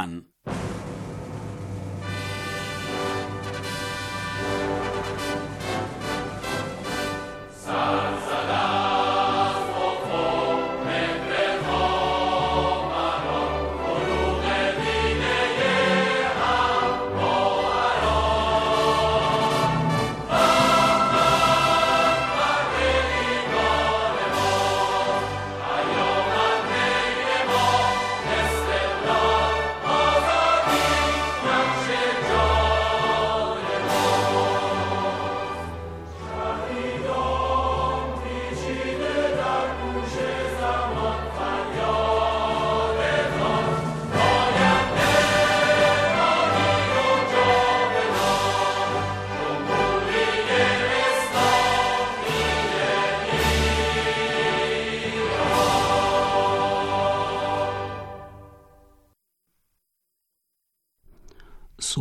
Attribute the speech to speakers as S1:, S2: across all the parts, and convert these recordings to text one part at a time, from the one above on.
S1: an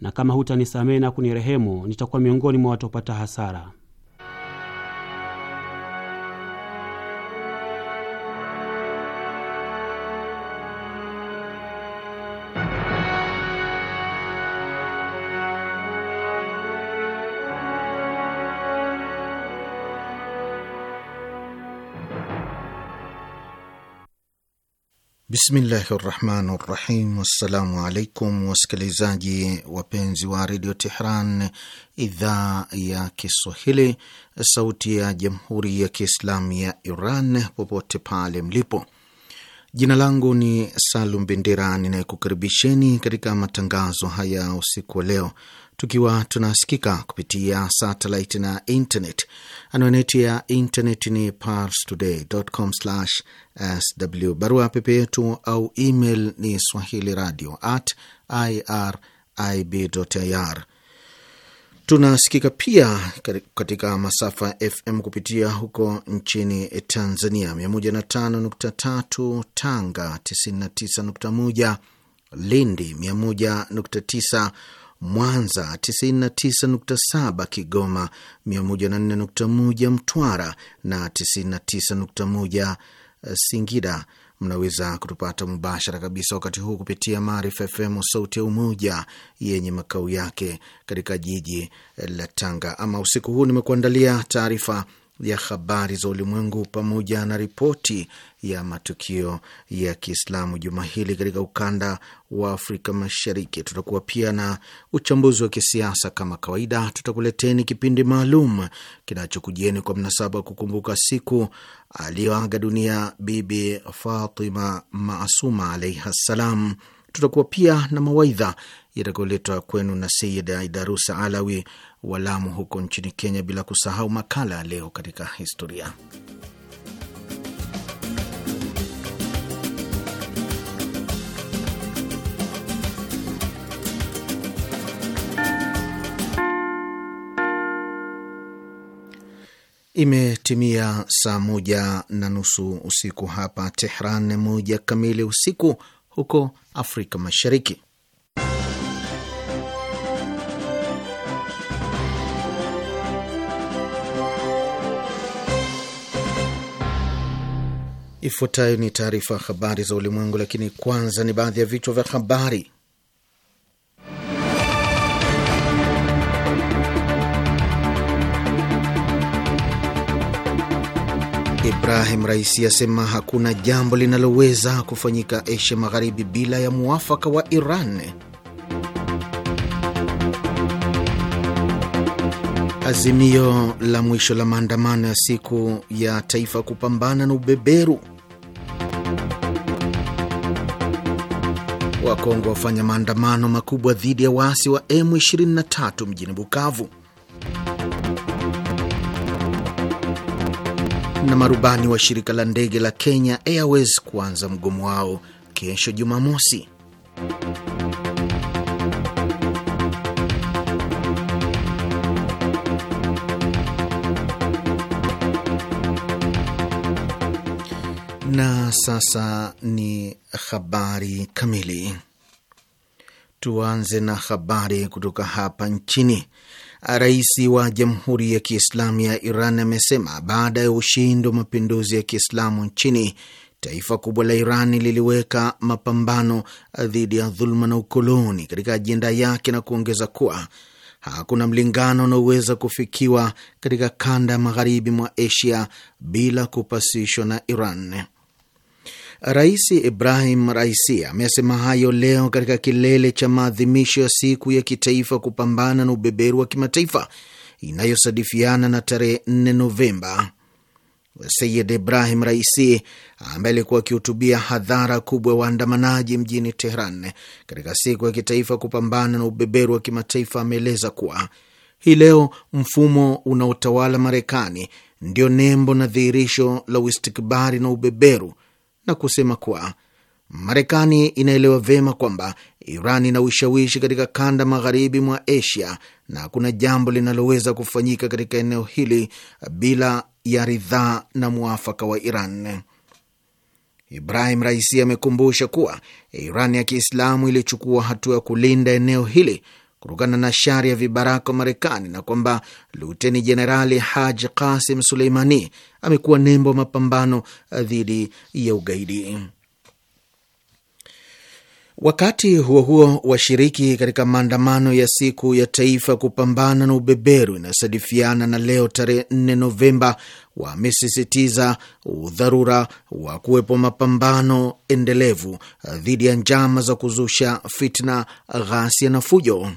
S2: na kama hutanisamehe na kunirehemu nitakuwa miongoni mwa watopata hasara.
S3: Bismillahi rahmani rahim. Wassalamu alaikum wasikilizaji wapenzi wa redio Tehran, idhaa ya Kiswahili, sauti ya jamhuri ya kiislamu ya Iran, popote pale mlipo. Jina langu ni Salum Bendera ninayekukaribisheni katika matangazo haya usiku wa leo tukiwa tunasikika kupitia satellite na internet. Anwani ya internet ni parstoday.com/sw, barua pepe yetu au email ni swahili radio at irib.ir. Tunasikika pia katika masafa ya FM kupitia huko nchini Tanzania, 105.3 Tanga, 99.1 Lindi, 101.9 Mwanza 99.7, Kigoma 104.1, Mtwara na 99.1 eh, Singida. Mnaweza kutupata mubashara kabisa wakati huu kupitia Maarifa FM sauti ya Umoja yenye makao yake katika jiji la Tanga. Ama usiku huu nimekuandalia taarifa ya habari za ulimwengu pamoja na ripoti ya matukio ya Kiislamu juma hili katika ukanda wa Afrika Mashariki. Tutakuwa pia na uchambuzi wa kisiasa kama kawaida. Tutakuleteni kipindi maalum kinachokujieni kwa mnasaba wa kukumbuka siku aliyoaga dunia Bibi Fatima Maasuma alaihi ssalam. Tutakuwa pia na mawaidha yatakayoletwa kwenu na Sayid Aidarusa Alawi wa Lamu huko nchini Kenya, bila kusahau makala ya leo katika historia. Imetimia saa moja na nusu usiku hapa Tehran, moja kamili usiku huko Afrika Mashariki. Ifuatayo ni taarifa ya habari za ulimwengu, lakini kwanza ni baadhi ya vichwa vya habari. Ibrahim Raisi asema hakuna jambo linaloweza kufanyika Asia Magharibi bila ya muafaka wa Iran. Azimio la mwisho la maandamano ya siku ya taifa kupambana na ubeberu Wakongo wafanya maandamano makubwa dhidi ya waasi wa M23 mjini Bukavu, na marubani wa shirika la ndege la Kenya Airways kuanza mgomo wao kesho Jumamosi. sasa ni habari kamili. Tuanze na habari kutoka hapa nchini. Rais wa Jamhuri ya Kiislamu ya Iran amesema baada ya ushindi wa mapinduzi ya Kiislamu nchini, taifa kubwa la Iran liliweka mapambano dhidi ya dhuluma na ukoloni katika ajenda yake na kuongeza kuwa hakuna mlingano unaoweza kufikiwa katika kanda ya magharibi mwa Asia bila kupasishwa na Iran. Rais Ibrahim Raisi amesema hayo leo katika kilele cha maadhimisho ya siku ya kitaifa kupambana na ubeberu wa kimataifa inayosadifiana na tarehe 4 Novemba. Sayid Ibrahim Raisi ambaye alikuwa akihutubia hadhara kubwa ya waandamanaji mjini Tehran katika siku ya kitaifa kupambana na ubeberu wa kimataifa ameeleza kuwa hii leo mfumo unaotawala Marekani ndio nembo na dhihirisho la uistikbari na ubeberu na kusema kuwa Marekani inaelewa vyema kwamba Iran ina ushawishi katika kanda magharibi mwa Asia na hakuna jambo linaloweza kufanyika katika eneo hili bila ya ridhaa na mwafaka wa Iran. Ibrahim Raisi amekumbusha kuwa Iran ya Kiislamu ilichukua hatua ya kulinda eneo hili kutokana na shari ya vibaraka wa Marekani na kwamba Luteni Jenerali Haji Kasim Suleimani amekuwa nembo ya mapambano eh, dhidi ya ugaidi. Wakati huo huo, washiriki katika maandamano ya siku ya taifa kupambana na ubeberu inayosadifiana na leo tarehe 4 Novemba wamesisitiza udharura wa kuwepo mapambano endelevu eh, dhidi ya njama za kuzusha fitna, ghasia na fujo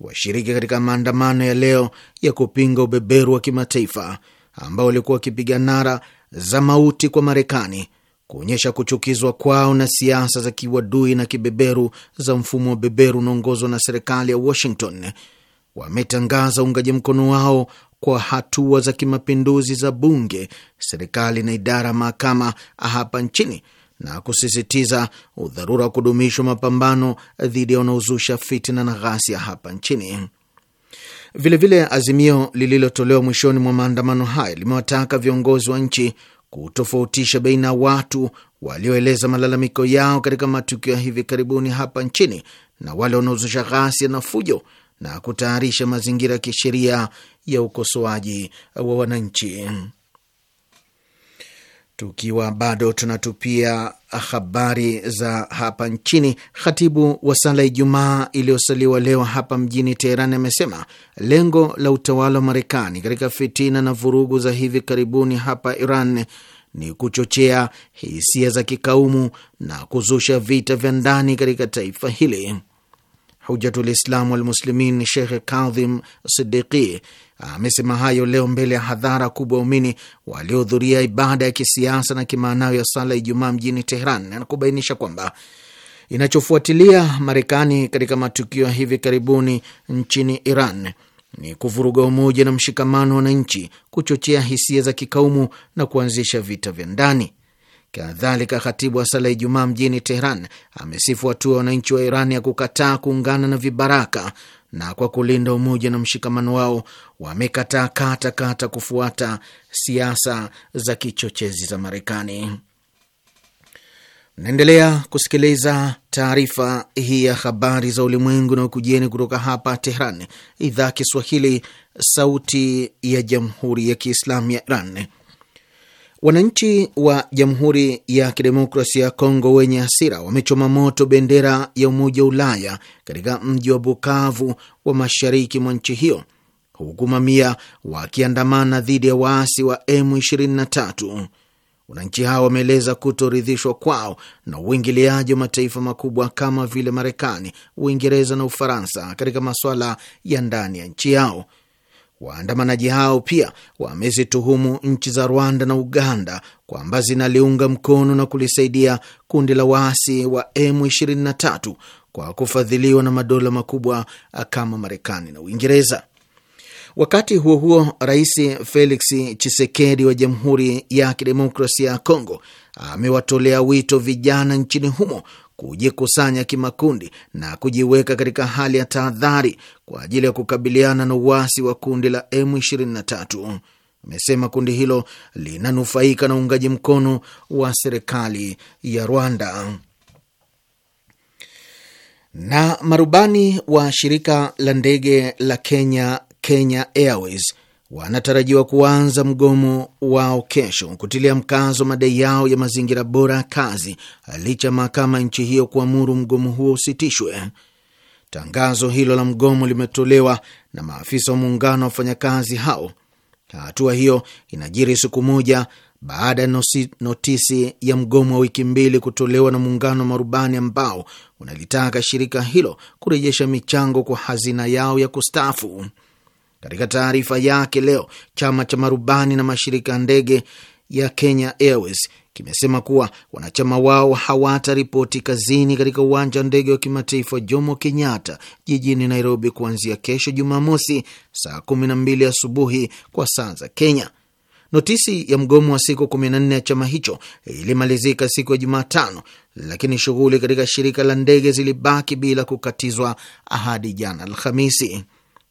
S3: washiriki katika maandamano ya leo ya kupinga ubeberu wa kimataifa ambao walikuwa wakipiga nara za mauti kwa Marekani kuonyesha kuchukizwa kwao na siasa za kiwadui na kibeberu za mfumo wa beberu unaongozwa na serikali ya Washington wametangaza uungaji mkono wao kwa hatua za kimapinduzi za bunge, serikali na idara ya mahakama hapa nchini na kusisitiza udharura wa kudumishwa mapambano dhidi ya wanaozusha fitina na ghasia hapa nchini. Vilevile vile azimio lililotolewa mwishoni mwa maandamano hayo limewataka viongozi wa nchi kutofautisha baina ya watu walioeleza malalamiko yao katika matukio ya hivi karibuni hapa nchini na wale wanaozusha ghasia na fujo na kutayarisha mazingira ya kisheria ya ukosoaji wa wananchi. Tukiwa bado tunatupia habari za hapa nchini, khatibu wa sala ya Ijumaa iliyosaliwa leo hapa mjini Teheran amesema lengo la utawala wa Marekani katika fitina na vurugu za hivi karibuni hapa Iran ni kuchochea hisia za kikaumu na kuzusha vita vya ndani katika taifa hili. Hujatul Islamu Walmuslimin Shekh Kadhim Sidiqi amesema hayo leo mbele ya hadhara kubwa waumini waliohudhuria ibada ya kisiasa na kimaanawi ya sala Ijumaa mjini Tehran na kubainisha kwamba inachofuatilia Marekani katika matukio ya hivi karibuni nchini Iran ni kuvuruga umoja na mshikamano wa wananchi, kuchochea hisia za kikaumu na kuanzisha vita vya ndani. Kadhalika, khatibu wa sala ya Ijumaa mjini tehran amesifu hatua ya wananchi wa Iran ya kukataa kuungana na vibaraka na kwa kulinda umoja na mshikamano wao wamekataa kata kata kufuata siasa za kichochezi za Marekani. Naendelea kusikiliza taarifa hii ya habari za ulimwengu na ukujieni kutoka hapa Tehran, idhaa Kiswahili, sauti ya jamhuri ya kiislamu ya Iran. Wananchi wa Jamhuri ya Kidemokrasia ya Kongo wenye hasira wamechoma moto bendera ya Umoja wa Ulaya katika mji wa Bukavu wa mashariki mwa nchi hiyo huku mamia wakiandamana dhidi ya waasi wa M23. Wananchi hao wameeleza kutoridhishwa kwao na uingiliaji wa mataifa makubwa kama vile Marekani, Uingereza na Ufaransa katika masuala ya ndani ya nchi yao. Waandamanaji hao pia wamezituhumu nchi za Rwanda na Uganda kwamba zinaliunga mkono na kulisaidia kundi la waasi wa M23 kwa kufadhiliwa na madola makubwa kama Marekani na Uingereza. Wakati huo huo, Rais Felix Tshisekedi wa Jamhuri ya Kidemokrasia ya Kongo amewatolea wito vijana nchini humo kujikusanya kimakundi na kujiweka katika hali ya tahadhari kwa ajili ya kukabiliana na uasi wa kundi la M23. Amesema kundi hilo linanufaika na uungaji mkono wa serikali ya Rwanda. Na marubani wa shirika la ndege la Kenya, Kenya Airways wanatarajiwa kuanza mgomo wao kesho kutilia mkazo madai yao ya mazingira bora ya kazi licha ya mahakama nchi hiyo kuamuru mgomo huo usitishwe. Tangazo hilo la mgomo limetolewa na maafisa wa muungano wa wafanyakazi hao. Hatua hiyo inajiri siku moja baada ya notisi ya mgomo wa wiki mbili kutolewa na muungano wa marubani ambao unalitaka shirika hilo kurejesha michango kwa hazina yao ya kustaafu. Katika taarifa yake leo, chama cha marubani na mashirika ya ndege ya Kenya Airways kimesema kuwa wanachama wao hawata ripoti kazini katika uwanja wa ndege wa kimataifa Jomo Kenyatta jijini Nairobi kuanzia kesho Jumamosi saa 12 asubuhi kwa saa za Kenya. Notisi ya mgomo wa siku 14 ya chama hicho ilimalizika siku ya Jumatano, lakini shughuli katika shirika la ndege zilibaki bila kukatizwa hadi jana Alhamisi.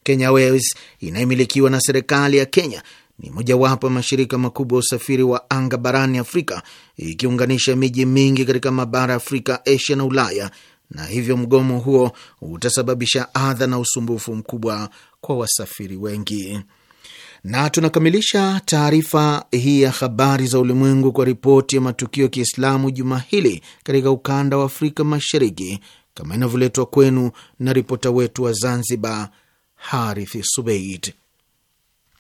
S3: Kenya Airways inayomilikiwa na serikali ya Kenya ni mojawapo ya mashirika makubwa ya usafiri wa anga barani Afrika, ikiunganisha miji mingi katika mabara ya Afrika, Asia na Ulaya, na hivyo mgomo huo utasababisha adha na usumbufu mkubwa kwa wasafiri wengi. Na tunakamilisha taarifa hii ya habari za ulimwengu kwa ripoti ya matukio ya Kiislamu juma hili katika ukanda wa Afrika Mashariki, kama inavyoletwa kwenu na ripota wetu wa Zanzibar Harith Subeid.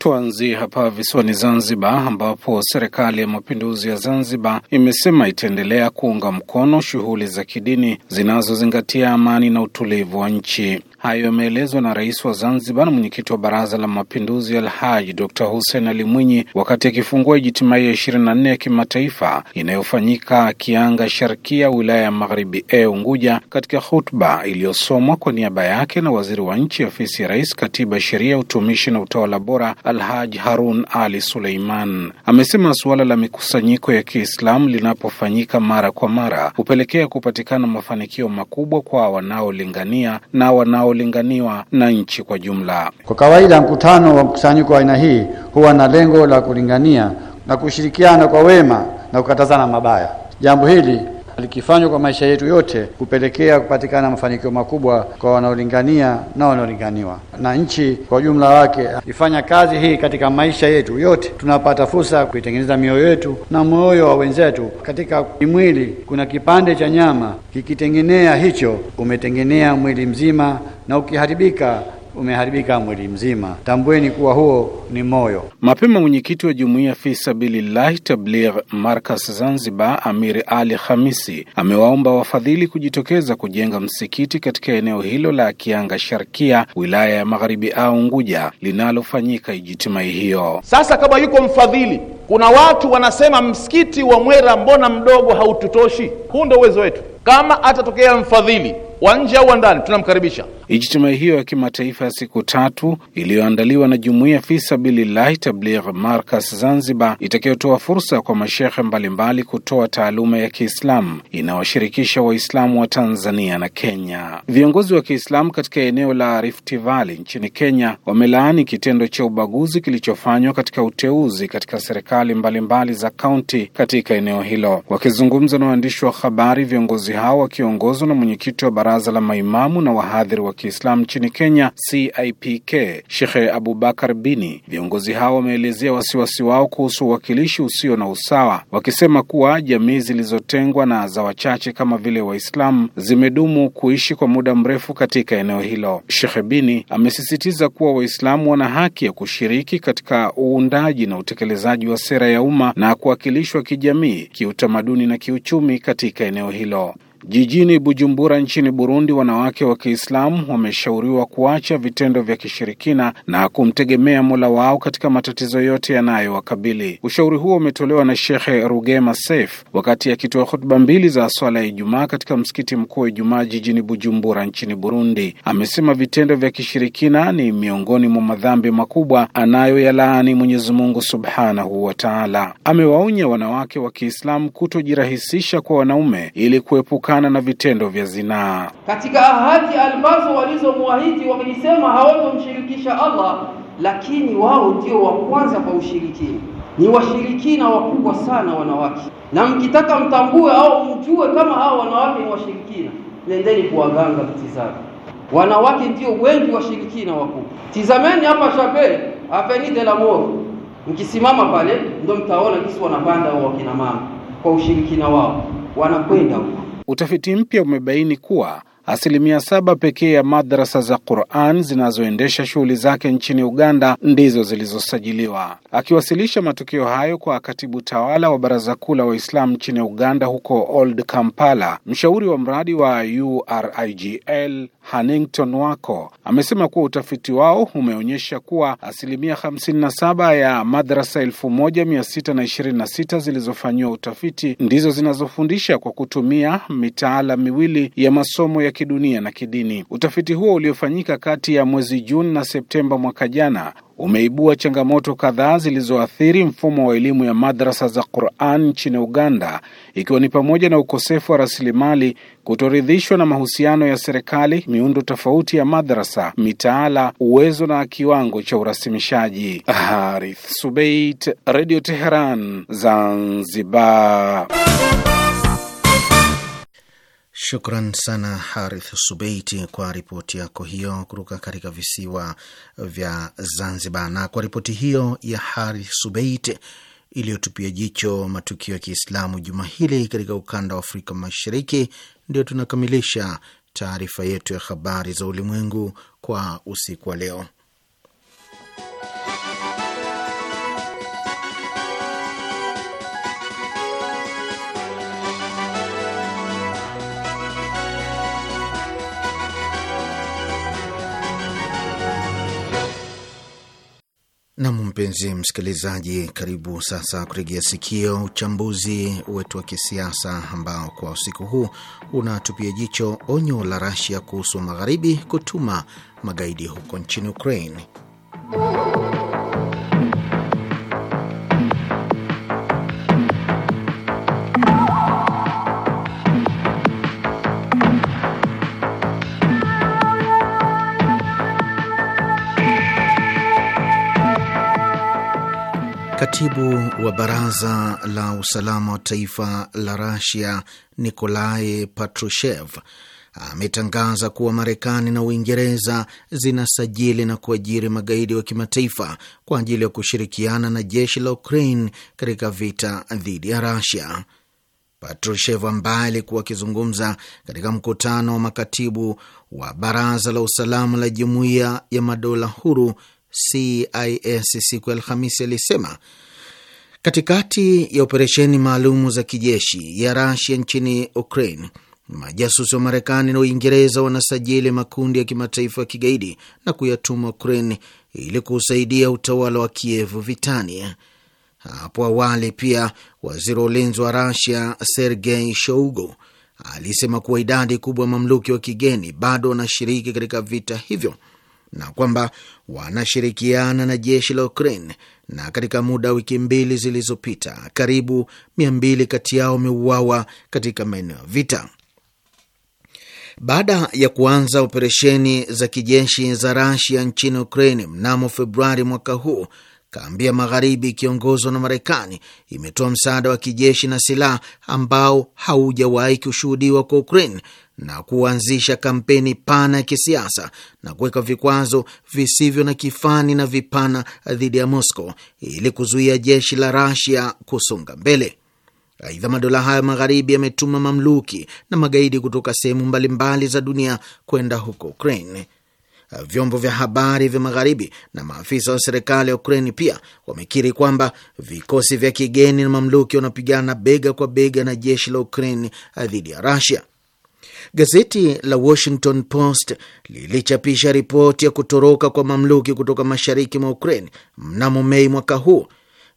S4: Tuanzie hapa visiwani Zanzibar, ambapo serikali ya mapinduzi ya Zanzibar imesema itaendelea kuunga mkono shughuli za kidini zinazozingatia amani na utulivu wa nchi. Hayo yameelezwa na rais wa Zanzibar na mwenyekiti wa baraza la mapinduzi Alhaji Dr Hussein Ali Mwinyi wakati akifungua ijitimai ya nne ya kimataifa inayofanyika Kianga Sharkia, wilaya ya Magharibi e Unguja, katika hutuba iliyosomwa kwa niaba yake na waziri wa nchi, ofisi ya rais, katiba, sheria, utumishi na utawala bora Alhaj Harun Ali Suleiman amesema suala la mikusanyiko ya Kiislamu linapofanyika mara kwa mara hupelekea kupatikana mafanikio makubwa kwa wanaolingania na wanaolinganiwa na nchi kwa jumla.
S2: Kwa kawaida, mkutano wa mkusanyiko wa aina hii huwa na lengo la kulingania na kushirikiana kwa wema na kukatazana mabaya. Jambo hili likifanywa kwa maisha yetu yote kupelekea kupatikana mafanikio makubwa kwa wanaolingania na wanaolinganiwa, na nchi kwa ujumla wake ifanya kazi hii katika maisha yetu yote. Tunapata fursa kuitengeneza mioyo yetu na moyo wa wenzetu. Katika mwili kuna kipande cha nyama, kikitengenea hicho umetengenea mwili mzima, na ukiharibika umeharibika mwili mzima, tambueni kuwa huo ni moyo.
S4: Mapema mwenyekiti wa jumuiya sabilillahi Tabligh Markas Zanzibar, Amir Ali Hamisi amewaomba wafadhili kujitokeza kujenga msikiti katika eneo hilo la Kianga Sharkia, wilaya ya Magharibi au Unguja, linalofanyika ijitimai hiyo.
S5: Sasa kama yuko mfadhili, kuna watu wanasema msikiti wa Mwera mbona mdogo, haututoshi? Huu ndo uwezo wetu. Kama atatokea mfadhili wa nje au wa ndani, tunamkaribisha.
S4: Ijtima hiyo ya kimataifa ya siku tatu iliyoandaliwa na jumuiya Fisabilillahi Tabligh Markas Zanzibar, itakayotoa fursa kwa mashehe mbalimbali kutoa taaluma ya Kiislamu inawashirikisha Waislamu wa Tanzania na Kenya. Viongozi wa Kiislamu katika eneo la Rift Valley nchini Kenya wamelaani kitendo cha ubaguzi kilichofanywa katika uteuzi katika serikali mbalimbali za kaunti katika eneo hilo. Wakizungumza na waandishi wa habari, viongozi hao wakiongozwa na mwenyekiti wa baraza la maimamu na wahadhiri wa Kiislamu nchini Kenya, CIPK, Shekhe Abubakar Bini. Viongozi hao wameelezea wasiwasi wao kuhusu uwakilishi usio na usawa, wakisema kuwa jamii zilizotengwa na za wachache kama vile Waislamu zimedumu kuishi kwa muda mrefu katika eneo hilo. Shekhe Bini amesisitiza kuwa Waislamu wana haki ya kushiriki katika uundaji na utekelezaji wa sera ya umma na kuwakilishwa kijamii, kiutamaduni na kiuchumi katika eneo hilo. Jijini Bujumbura nchini Burundi, wanawake wa Kiislamu wameshauriwa kuacha vitendo vya kishirikina na kumtegemea Mola wao katika matatizo yote yanayowakabili. Ushauri huo umetolewa na Shekhe Rugema Saif wakati akitoa hotuba mbili za swala ya Ijumaa katika msikiti mkuu wa Ijumaa jijini Bujumbura nchini Burundi. Amesema vitendo vya kishirikina ni miongoni mwa madhambi makubwa anayoyalaani Mwenyezi Mungu subhanahu wa taala. Amewaonya wanawake wa Kiislamu kutojirahisisha kwa wanaume ili kuepuka kutokana na vitendo vya zinaa.
S2: Katika ahadi ambazo walizomwahidi wamejisema hawatomshirikisha Allah, lakini wao ndio wa kwanza kwa ushirikina. Ni washirikina wakubwa sana wanawake, na mkitaka mtambue au mjue kama hao wanawake ni washirikina, nendeni kuwaganga, mtizame. Wanawake ndio wengi washirikina wakubwa. Tizameni hapa shape Avenue de la Mort, mkisimama pale ndo mtaona kisi wanapanda wao wakina mama kwa ushirikina wao wanakwenda huko.
S4: Utafiti mpya umebaini kuwa asilimia saba pekee ya madrasa za Quran zinazoendesha shughuli zake nchini Uganda ndizo zilizosajiliwa. Akiwasilisha matukio hayo kwa katibu tawala wa Baraza Kuu la Waislamu nchini Uganda huko Old Kampala, mshauri wa mradi wa URIGL Hanington Wako amesema kuwa utafiti wao umeonyesha kuwa asilimia 57 ya madrasa 1626 zilizofanyiwa utafiti ndizo zinazofundisha kwa kutumia mitaala miwili ya masomo ya kidunia na kidini. Utafiti huo uliofanyika kati ya mwezi Juni na Septemba mwaka jana umeibua changamoto kadhaa zilizoathiri mfumo wa elimu ya madrasa za Quran nchini Uganda, ikiwa ni pamoja na ukosefu wa rasilimali, kutoridhishwa na mahusiano ya serikali, miundo tofauti ya madrasa, mitaala, uwezo na kiwango cha urasimishaji. Harith Subait, Radio Teheran, Zanzibar.
S3: Shukran sana Harith Subeiti kwa ripoti yako hiyo kutoka katika visiwa vya Zanzibar. Na kwa ripoti hiyo ya Harith Subeiti iliyotupia jicho matukio ya Kiislamu juma hili katika ukanda wa Afrika Mashariki, ndio tunakamilisha taarifa yetu ya habari za ulimwengu kwa usiku wa leo. Nam, mpenzi msikilizaji, karibu sasa kurejea sikio uchambuzi wetu wa kisiasa ambao kwa usiku huu unatupia jicho onyo la Rasia kuhusu magharibi kutuma magaidi huko nchini Ukraine. Katibu wa baraza la usalama wa taifa la Rasia Nikolai Patrushev ametangaza kuwa Marekani na Uingereza zinasajili na kuajiri magaidi wa kimataifa kwa ajili ya kushirikiana na jeshi la Ukraine katika vita dhidi ya Rasia. Patrushev ambaye alikuwa akizungumza katika mkutano wa makatibu wa baraza la usalama la Jumuiya ya Madola huru CIS siku ya Alhamisi alisema katikati ya operesheni maalumu za kijeshi ya Rasia nchini Ukraine, majasusi wa Marekani na Uingereza wanasajili makundi ya kimataifa ya kigaidi na kuyatuma Ukraine ili kuusaidia utawala wa Kievu vitani. Hapo awali pia waziri wa ulinzi wa Rasia Sergei shougo alisema kuwa idadi kubwa ya mamluki wa kigeni bado wanashiriki katika vita hivyo na kwamba wanashirikiana na jeshi la Ukraine, na katika muda wa wiki mbili zilizopita karibu mia mbili kati yao wameuawa katika maeneo ya vita. Baada ya kuanza operesheni za kijeshi za Rasia nchini Ukraine mnamo Februari mwaka huu, kambi ya magharibi ikiongozwa na Marekani imetoa msaada wa kijeshi na silaha ambao haujawahi kushuhudiwa kwa Ukraine na kuanzisha kampeni pana ya kisiasa na kuweka vikwazo visivyo na kifani na vipana dhidi ya Moscow ili kuzuia jeshi la Rasia kusonga mbele. Aidha, madola hayo magharibi yametuma mamluki na magaidi kutoka sehemu mbalimbali za dunia kwenda huko Ukraine. Vyombo vya habari vya magharibi na maafisa wa serikali ya ukrain pia wamekiri kwamba vikosi vya kigeni na mamluki wanapigana bega kwa bega na jeshi la ukrain dhidi ya Rasia. Gazeti la Washington Post lilichapisha ripoti ya kutoroka kwa mamluki kutoka mashariki mwa Ukraine mnamo Mei mwaka huu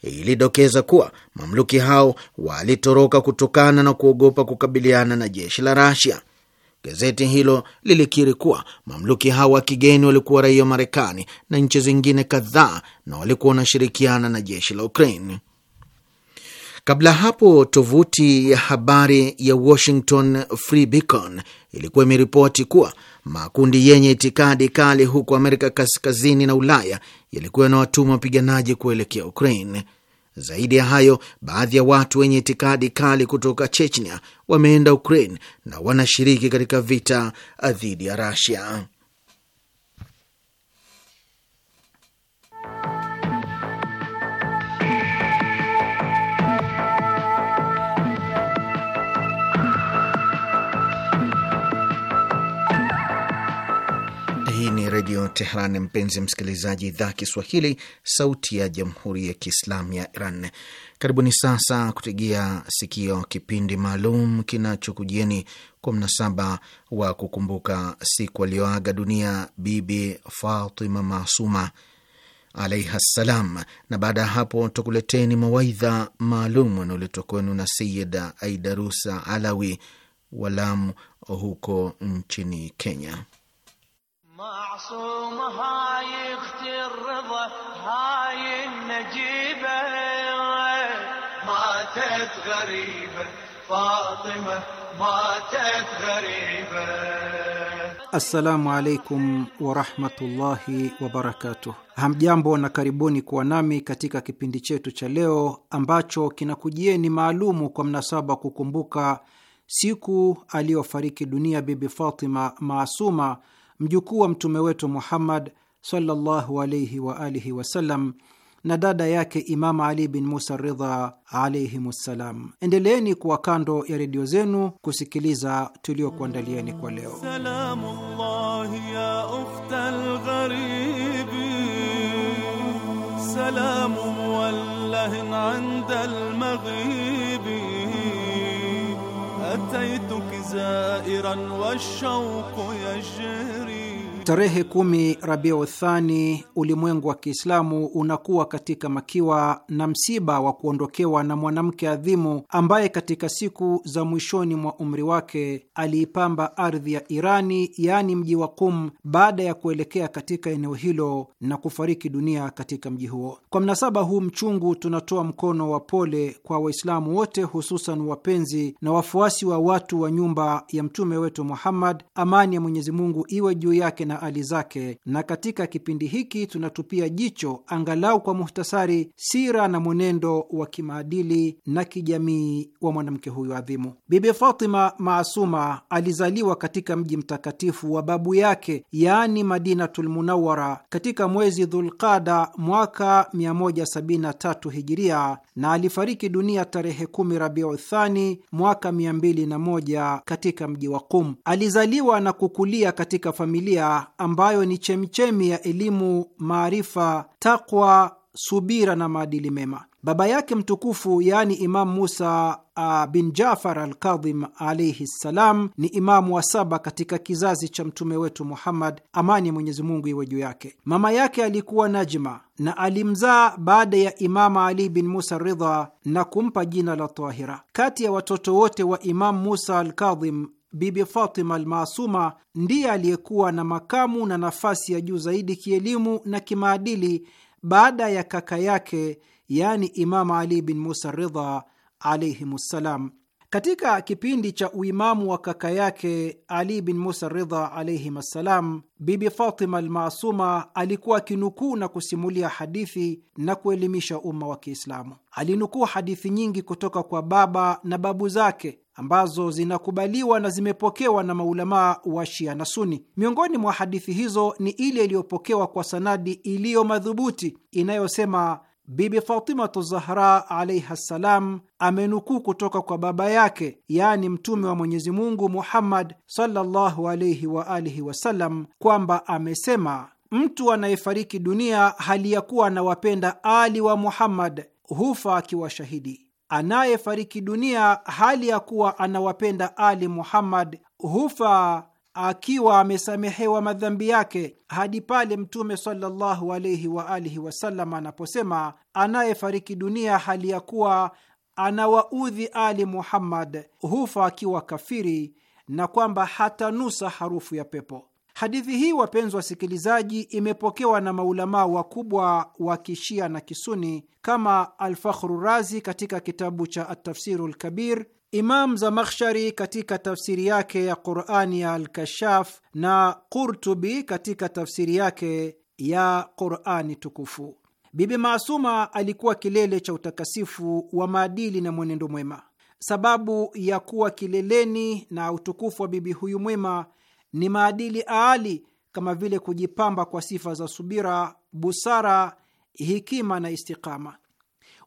S3: ilidokeza kuwa mamluki hao walitoroka kutokana na kuogopa kukabiliana na jeshi la Rasia. Gazeti hilo lilikiri kuwa mamluki hao wa kigeni walikuwa raia wa Marekani na nchi zingine kadhaa na walikuwa wanashirikiana na jeshi la Ukraine. Kabla hapo tovuti ya habari ya Washington Free Beacon ilikuwa imeripoti kuwa makundi yenye itikadi kali huko Amerika Kaskazini na Ulaya yalikuwa yanawatuma wapiganaji kuelekea Ukraine. Zaidi ya hayo, baadhi ya watu wenye itikadi kali kutoka Chechnya wameenda Ukraine na wanashiriki katika vita dhidi ya Russia. Redio Teheran. Mpenzi msikilizaji, idhaa Kiswahili, sauti ya jamhuri ya kiislamu ya Iran. Karibuni sasa kutegea sikio kipindi maalum kinachokujieni kwa mnasaba wa kukumbuka siku aliyoaga dunia Bibi Fatima Masuma alaiha ssalam, na baada ya hapo tukuleteni mawaidha maalum yanayoletwa kwenu na Sayid Aidarusa Alawi Walamu huko nchini Kenya.
S6: معصوم هاي اخت الرضا هاي النجيبة ماتت غريبة فاطمة ماتت غريبة
S7: السلام عليكم ورحمة الله وبركاته Hamjambo na karibuni kuwa nami katika kipindi chetu cha leo ambacho kinakujieni maalumu kwa mnasaba kukumbuka siku aliyofariki dunia Bibi Fatima Maasuma mjukuu wa mtume wetu Muhammad sallallahu wa alihi wasallam na dada yake Imam Ali bin Musa Ridha alaihimussalam. Endeleeni kuwa kando ya redio zenu kusikiliza tuliokuandalieni kwa leo.
S8: Salamullahi ya أتيتك زائرا والشوق يجري
S7: Tarehe kumi Rabiu Thani, ulimwengu wa Kiislamu unakuwa katika makiwa na msiba wa kuondokewa na mwanamke adhimu ambaye katika siku za mwishoni mwa umri wake aliipamba ardhi ya Irani, yaani mji wa Kum, baada ya kuelekea katika eneo hilo na kufariki dunia katika mji huo. Kwa mnasaba huu mchungu, tunatoa mkono wa pole kwa Waislamu wote, hususan wapenzi na wafuasi wa watu wa nyumba ya mtume wetu Muhammad, amani ya Mwenyezi Mungu iwe juu yake na ali zake, na katika kipindi hiki tunatupia jicho angalau kwa muhtasari sira na mwenendo wa kimaadili na kijamii wa mwanamke huyu adhimu. Bibi Fatima Maasuma alizaliwa katika mji mtakatifu wa babu yake, yaani Madinatul Munawara, katika mwezi Dhulqada mwaka 173 Hijiria, na alifariki dunia tarehe 10 Rabiu Thani mwaka 201 katika mji wa Qum. Alizaliwa na kukulia katika familia ambayo ni chemchemi ya elimu, maarifa, takwa, subira na maadili mema. Baba yake mtukufu yaani Imamu Musa bin Jafar al Kadhim alaihi ssalam ni imamu wa saba katika kizazi cha mtume wetu Muhammad, amani ya Mwenyezi Mungu iwe juu yake. Mama yake alikuwa Najma na alimzaa baada ya Imamu Ali bin Musa Ridha na kumpa jina la Tahira. Kati ya watoto wote wa Imamu Musa Kadhim, Bibi Fatima Almasuma ndiye aliyekuwa na makamu na nafasi ya juu zaidi kielimu na kimaadili baada ya kaka yake, yani Imamu Ali bin Musa Ridha alaihimussalam. Katika kipindi cha uimamu wa kaka yake Ali bin Musa Ridha alaihim assalam, Bibi Fatima Almasuma alikuwa akinukuu na kusimulia hadithi na kuelimisha umma wa Kiislamu. Alinukuu hadithi nyingi kutoka kwa baba na babu zake ambazo zinakubaliwa na zimepokewa na maulamaa wa Shia na Suni. Miongoni mwa hadithi hizo ni ile iliyopokewa kwa sanadi iliyo madhubuti inayosema Bibi Fatimatu Zahra alaiha ssalam amenukuu kutoka kwa baba yake, yaani Mtume wa Mwenyezi Mungu Muhammad sallallahu alaihi wasallam kwamba amesema, mtu anayefariki dunia hali ya kuwa anawapenda Ali wa Muhammad hufa akiwa shahidi anayefariki dunia hali ya kuwa anawapenda Ali Muhammad hufa akiwa amesamehewa madhambi yake hadi pale Mtume sallallahu alaihi wa alihi wasallam anaposema, anayefariki dunia hali ya kuwa anawaudhi Ali Muhammad hufa akiwa kafiri, na kwamba hatanusa harufu ya pepo. Hadithi hii wapenzi wasikilizaji, imepokewa na maulamaa wakubwa wa kishia na kisuni kama Alfakhru Razi katika kitabu cha Atafsiru Lkabir, Imam Zamakhshari katika tafsiri yake ya Qurani ya Alkashaf na Qurtubi katika tafsiri yake ya Qurani Tukufu. Bibi Maasuma alikuwa kilele cha utakasifu wa maadili na mwenendo mwema. Sababu ya kuwa kileleni na utukufu wa bibi huyu mwema ni maadili aali kama vile kujipamba kwa sifa za subira, busara, hikima na istikama.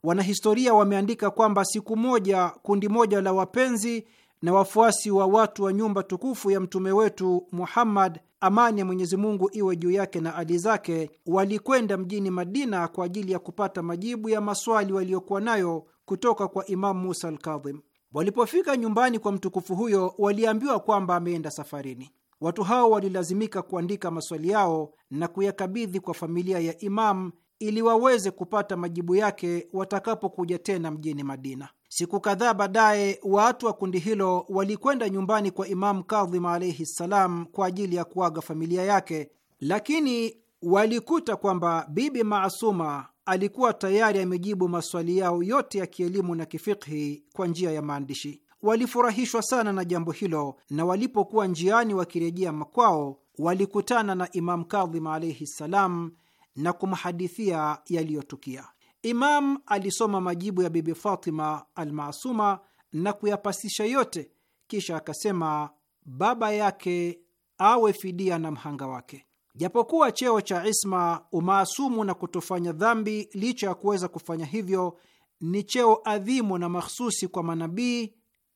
S7: Wanahistoria wameandika kwamba siku moja kundi moja la wapenzi na wafuasi wa watu wa nyumba tukufu ya mtume wetu Muhammad, amani ya Mwenyezi Mungu iwe juu yake na ali zake, walikwenda mjini Madina kwa ajili ya kupata majibu ya maswali waliokuwa nayo kutoka kwa Imamu Musa Alkadhim. Walipofika nyumbani kwa mtukufu huyo, waliambiwa kwamba ameenda safarini. Watu hao walilazimika kuandika maswali yao na kuyakabidhi kwa familia ya Imam ili waweze kupata majibu yake watakapokuja tena mjini Madina. Siku kadhaa baadaye, watu wa kundi hilo walikwenda nyumbani kwa Imamu Kadhim alaihi ssalam kwa ajili ya kuaga familia yake, lakini walikuta kwamba Bibi Maasuma alikuwa tayari amejibu maswali yao yote ya kielimu na kifikhi kwa njia ya maandishi walifurahishwa sana na jambo hilo, na walipokuwa njiani wakirejea makwao walikutana na Imam Kadhim alaihi ssalam na kumhadithia yaliyotukia. Imam alisoma majibu ya Bibi Fatima Almasuma na kuyapasisha yote, kisha akasema baba yake awe fidia na mhanga wake. Japokuwa cheo cha isma, umaasumu na kutofanya dhambi, licha ya kuweza kufanya hivyo, ni cheo adhimu na mahsusi kwa manabii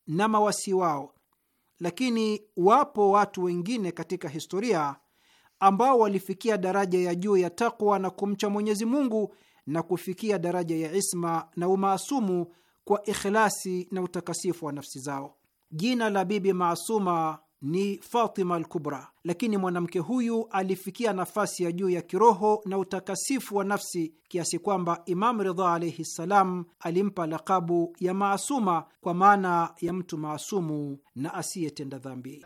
S7: na mawasi wao, lakini wapo watu wengine katika historia ambao walifikia daraja ya juu ya takwa na kumcha Mwenyezi Mungu na kufikia daraja ya isma na umaasumu kwa ikhlasi na utakasifu wa nafsi zao. Jina la Bibi Maasuma ni Fatima Alkubra, lakini mwanamke huyu alifikia nafasi ya juu ya kiroho na utakasifu wa nafsi kiasi kwamba Imam Ridha alaihi ssalam alimpa lakabu ya maasuma kwa maana ya mtu maasumu na asiyetenda dhambi.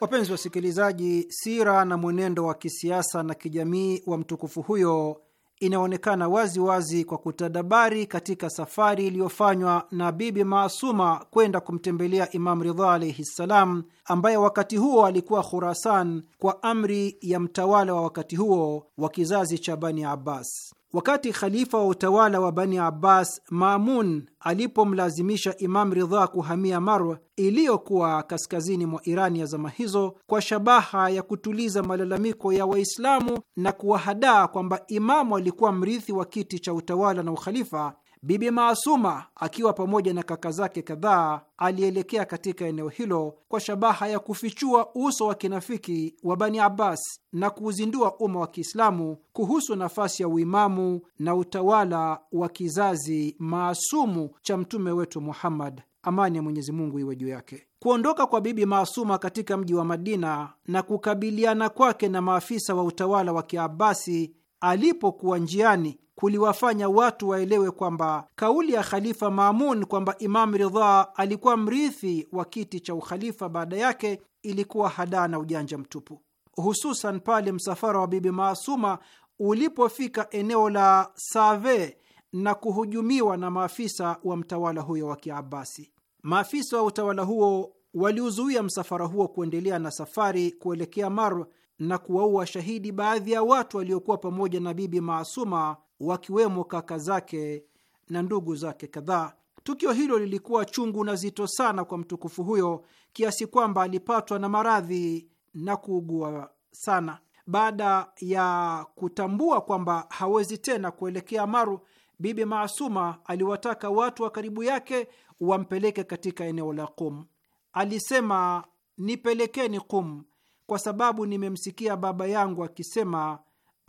S7: Wapenzi wasikilizaji, sira na mwenendo wa kisiasa na kijamii wa mtukufu huyo inaonekana wazi wazi kwa kutadabari katika safari iliyofanywa na Bibi Maasuma kwenda kumtembelea Imam Ridha alaihi ssalam, ambaye wakati huo alikuwa Khurasan kwa amri ya mtawala wa wakati huo wa kizazi cha Bani Abbas. Wakati khalifa wa utawala wa Bani Abbas Mamun alipomlazimisha Imam Ridha kuhamia Marwa iliyokuwa kaskazini mwa Irani ya zama hizo kwa shabaha ya kutuliza malalamiko ya Waislamu na kuwahadaa kwamba Imamu alikuwa mrithi wa kiti cha utawala na ukhalifa, Bibi Maasuma akiwa pamoja na kaka zake kadhaa alielekea katika eneo hilo kwa shabaha ya kufichua uso wa kinafiki wa Bani Abbas na kuuzindua umma wa Kiislamu kuhusu nafasi ya uimamu na utawala wa kizazi maasumu cha mtume wetu Muhammad, amani ya Mwenyezi Mungu iwe juu yake. Kuondoka kwa Bibi Maasuma katika mji wa Madina na kukabiliana kwake na maafisa wa utawala wa Kiabasi alipokuwa njiani kuliwafanya watu waelewe kwamba kauli ya Khalifa Maamun kwamba Imam Ridha alikuwa mrithi wa kiti cha ukhalifa baada yake ilikuwa hadaa na ujanja mtupu, hususan pale msafara wa Bibi Maasuma ulipofika eneo la Save na kuhujumiwa na maafisa wa mtawala huyo wa Kiabasi. Maafisa wa utawala huo waliuzuia msafara huo kuendelea na safari kuelekea Mar na kuwaua shahidi baadhi ya watu waliokuwa pamoja na Bibi Maasuma, wakiwemo kaka zake na ndugu zake kadhaa. Tukio hilo lilikuwa chungu na zito sana kwa mtukufu huyo kiasi kwamba alipatwa na maradhi na kuugua sana. Baada ya kutambua kwamba hawezi tena kuelekea Maru, Bibi Maasuma aliwataka watu wa karibu yake wampeleke katika eneo la Kum. Alisema, nipelekeni Kum, kwa sababu nimemsikia baba yangu akisema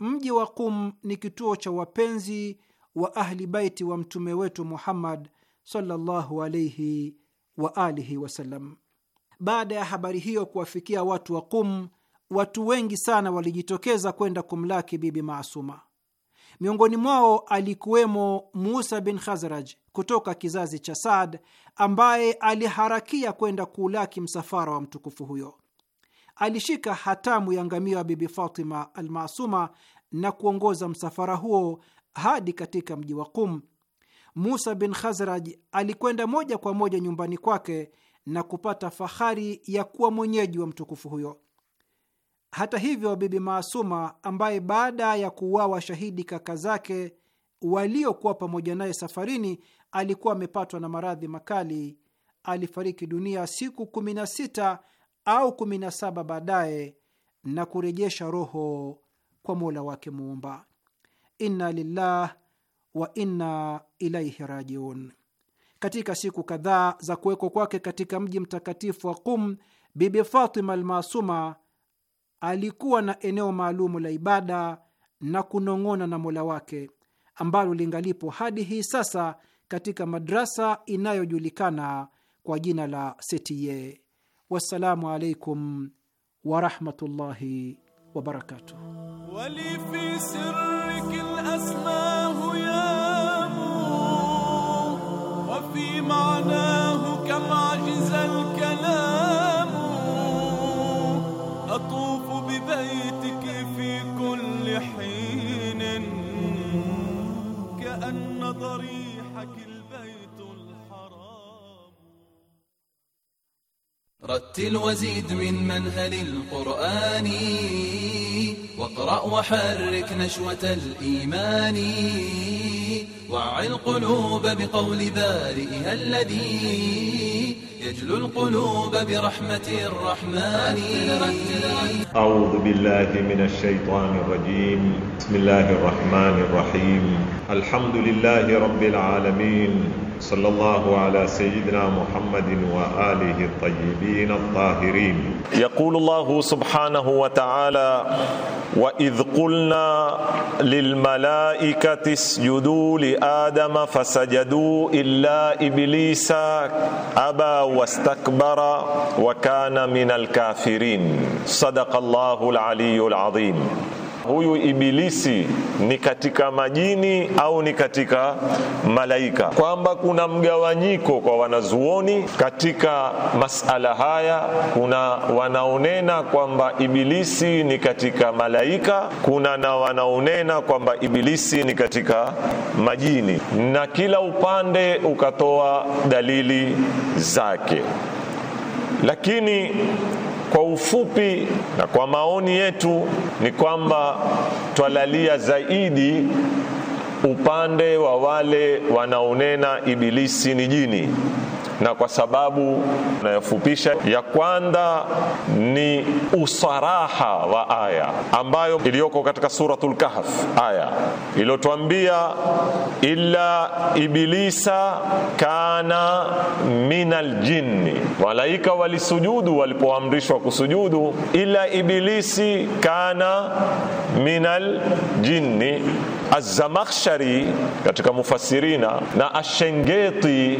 S7: mji wa Qum ni kituo cha wapenzi wa Ahli Baiti wa mtume wetu Muhammad sallallahu alaihi wa alihi wasallam. Baada ya habari hiyo kuwafikia watu wa Qum, watu wengi sana walijitokeza kwenda kumlaki Bibi Maasuma. Miongoni mwao alikuwemo Musa bin Khazraj kutoka kizazi cha Saad ambaye aliharakia kwenda kuulaki msafara wa mtukufu huyo alishika hatamu ya ngamia wa Bibi Fatima Almasuma na kuongoza msafara huo hadi katika mji wa Qum. Musa bin Khazraj alikwenda moja kwa moja nyumbani kwake na kupata fahari ya kuwa mwenyeji wa mtukufu huyo. Hata hivyo, Bibi Maasuma ambaye baada ya kuuawa shahidi kaka zake waliokuwa pamoja naye safarini alikuwa amepatwa na maradhi makali, alifariki dunia siku kumi na sita au kumi na saba baadaye na kurejesha roho kwa Mola wake Muumba. Inna lillah wa inna ilaihi rajiun. Katika siku kadhaa za kuwekwa kwake katika mji mtakatifu wa Qum, Bibi Fatima Almasuma alikuwa na eneo maalumu la ibada na kunong'ona na Mola wake ambalo lingalipo hadi hii sasa katika madrasa inayojulikana kwa jina la Setiyee. والسلام عليكم ورحمة الله وبركاته
S5: ولي في سرك
S8: الأسماه يا مو وفي معناه كم عجز الكلام أطوف ببيتك في كل حين كأن ضريب
S7: رتل وزيد من منهل القرآن واقرأ وحرك نشوة الإيمان وعي القلوب بقول بارئها الذي يجلو القلوب برحمة الرحمن
S9: أعوذ بالله من الشيطان الرجيم بسم الله الرحمن الرحيم الحمد لله رب العالمين صلى الله على سيدنا محمد واله الطيبين الطاهرين يقول الله سبحانه وتعالى واذ قلنا للملائكه اسجدوا لادم فسجدوا الا ابليس ابى واستكبر وكان من الكافرين صدق الله العلي العظيم huyu Ibilisi ni katika majini au ni katika malaika, kwamba kuna mgawanyiko kwa wanazuoni katika masala haya. Kuna wanaonena kwamba Ibilisi ni katika malaika, kuna na wanaonena kwamba Ibilisi ni katika majini, na kila upande ukatoa dalili zake, lakini kwa ufupi na kwa maoni yetu ni kwamba twalalia zaidi upande wa wale wanaonena ibilisi ni jini na kwa sababu nayofupisha ya kwanza ni usaraha wa aya ambayo iliyoko katika suratul Kahf, aya iliyotuambia illa ibilisa kana minal jinni, malaika walisujudu walipoamrishwa kusujudu, ila ibilisi kana minal jinni. Azamakhshari katika mufasirina na Ashengeti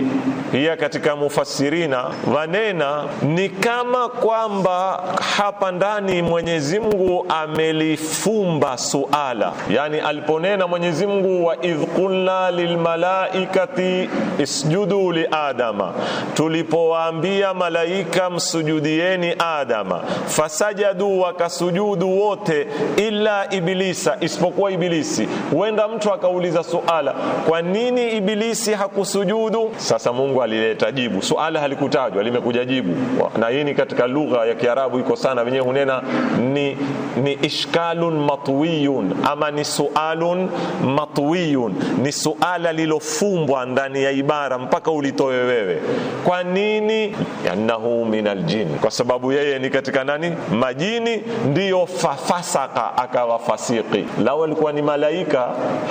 S9: hiya katika cha mufasirina vanena ni kama kwamba hapa ndani Mwenyezi Mungu amelifumba suala, yani aliponena Mwenyezi Mungu wa idh qulna lilmalaikati isjudu li Adama, tulipowaambia malaika msujudieni Adama, fasajadu wakasujudu wote ila iblisa isipokuwa iblisi Huenda mtu akauliza suala, kwa nini Ibilisi hakusujudu? Sasa Mungu alileta jibu. Suala halikutajwa limekuja jibu, na hii ni katika lugha ya Kiarabu iko sana, wenyewe hunena ni, ni ishkalun matwiyun ama ni sualun matwiyun, ni suala lilofumbwa ndani ya ibara mpaka ulitoe wewe. Kwa nini? Yanahu min aljin, kwa sababu yeye ni katika nani? Majini, ndiyo fafasaka akawa fasiki. Lau alikuwa ni malaika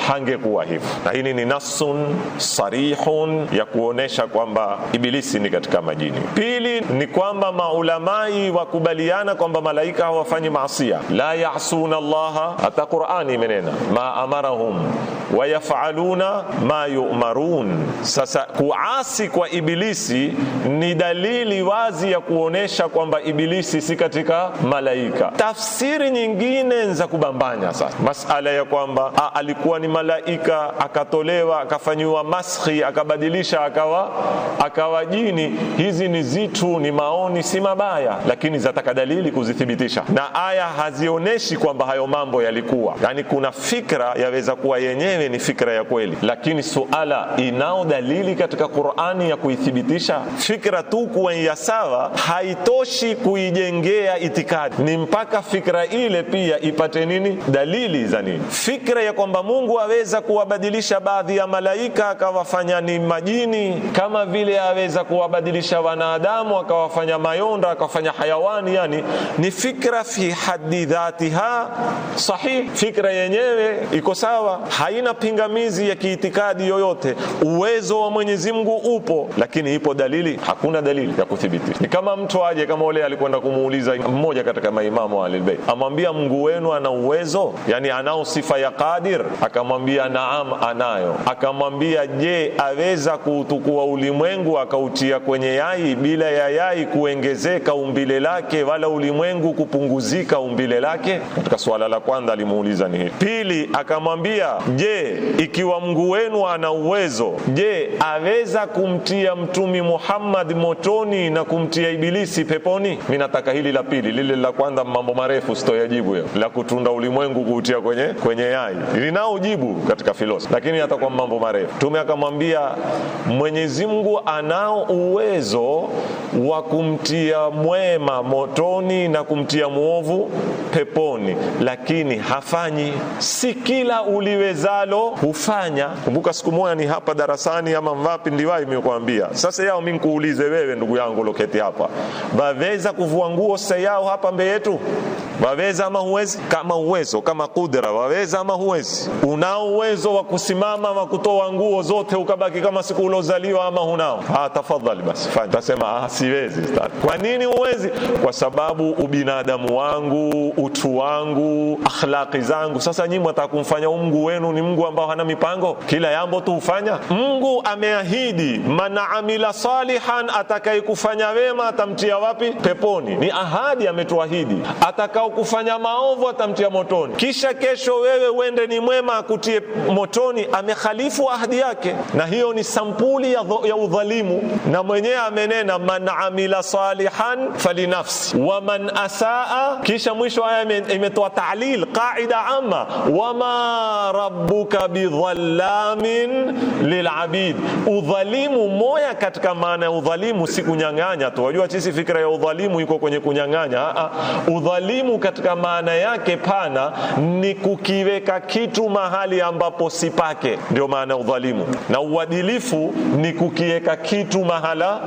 S9: hangekuwa hivyo, na hili ni nasun sarihun ya kuonesha kwamba ibilisi ni katika majini. Pili ni kwamba maulamai wakubaliana kwamba malaika hawafanyi maasia, la yasuna llaha hata Qurani imenena ma amarahum wayafaluna ma yumarun. Sasa kuasi kwa ibilisi ni dalili wazi ya kuonesha kwamba ibilisi si katika malaika. Tafsiri nyingine za kubambanya sasa masala ya kwamba a, alikuwa ni malaika akatolewa akafanyiwa maskhi akabadilisha akawa aka akawa jini. Hizi ni zitu, ni maoni si mabaya, lakini zataka dalili kuzithibitisha, na aya hazionyeshi kwamba hayo mambo yalikuwa. Yani kuna fikra yaweza kuwa yenyewe ni fikra ya kweli, lakini suala, inao dalili katika Qur'ani ya kuithibitisha fikra? Tu kuwa ya sawa haitoshi kuijengea itikadi, ni mpaka fikra ile pia ipate nini, dalili za nini, fikra ya kwamba Mungu aweza kuwabadilisha baadhi ya malaika akawafanya ni majini kama vile aweza kuwabadilisha wanadamu akawafanya mayonda akawafanya hayawani, yani ni fikra fi haddi dhatiha sahih. Fikra yenyewe iko sawa, haina pingamizi ya kiitikadi yoyote. Uwezo wa Mwenyezi Mungu upo, lakini ipo dalili? Hakuna dalili ya kuthibitisha. Ni kama mtu aje, kama ule alikwenda kumuuliza mmoja katika maimamu wa Ahlul Bayt, amwambia Mungu wenu ana uwezo, yani anao sifa ya qadir? Akamwambia naam, anayo. Akamwambia je, aweza kuutukua ulimwengu? akautia kwenye yai bila ya yai kuongezeka umbile lake wala ulimwengu kupunguzika umbile lake? Katika suala la kwanza alimuuliza ni hili. Pili akamwambia, je, ikiwa Mungu wenu ana uwezo, je, aweza kumtia Mtumi Muhammad motoni na kumtia Ibilisi peponi? Mi nataka hili la pili, lile la kwanza mambo marefu sitoyajibu ya la kutunda ulimwengu kuutia kwenye kwenye yai linao jibu katika filosofi, lakini hata kwa mambo marefu Mtume akamwambia Mwenyezi Mungu ana wanao uwezo wa kumtia mwema motoni na kumtia mwovu peponi, lakini hafanyi. Si kila uliwezalo hufanya. Kumbuka siku moja ni hapa darasani ama mvapi, ndiwahi imekuambia Sasa yao mimi nikuulize wewe, ndugu yangu loketi hapa, waweza kuvua nguo sasa yao hapa mbele yetu? Waweza ama huwezi? Kama uwezo kama kudra, waweza ama huwezi? Unao uwezo wa kusimama wa kutoa nguo zote ukabaki kama siku ulozaliwa ama hunao? ah, tafadhali basi fanya. Tasema ah, siwezi. Kwa nini huwezi? Kwa sababu ubinadamu wangu, utu wangu, akhlaqi zangu. Sasa nyinyi mtaka kumfanya Mungu wenu ni Mungu ambao hana mipango, kila jambo tu hufanya. Mungu ameahidi, man amila salihan, atakayekufanya wema atamtia wapi? Peponi. Ni ahadi ametuahidi. Atakao kufanya maovu atamtia motoni. Kisha kesho wewe uende ni mwema akutie motoni. Amekhalifu ahadi yake, na hiyo ni sampuli ya, ya udhalimu elimu na mwenyewe amenena man amila salihan falinafsi wa man asaa kisha mwisho aya imetoa ta'lil qaida amma wa ma rabbuka bidhallamin lilabid udhalimu moya katika maana ya udhalimu si kunyang'anya tu wajua sisi fikra ya udhalimu iko kwenye kunyang'anya Aa, udhalimu katika maana yake pana ni kukiweka kitu mahali ambapo si pake ndio maana ya udhalimu na uadilifu ni kukiweka kitu kitu mahala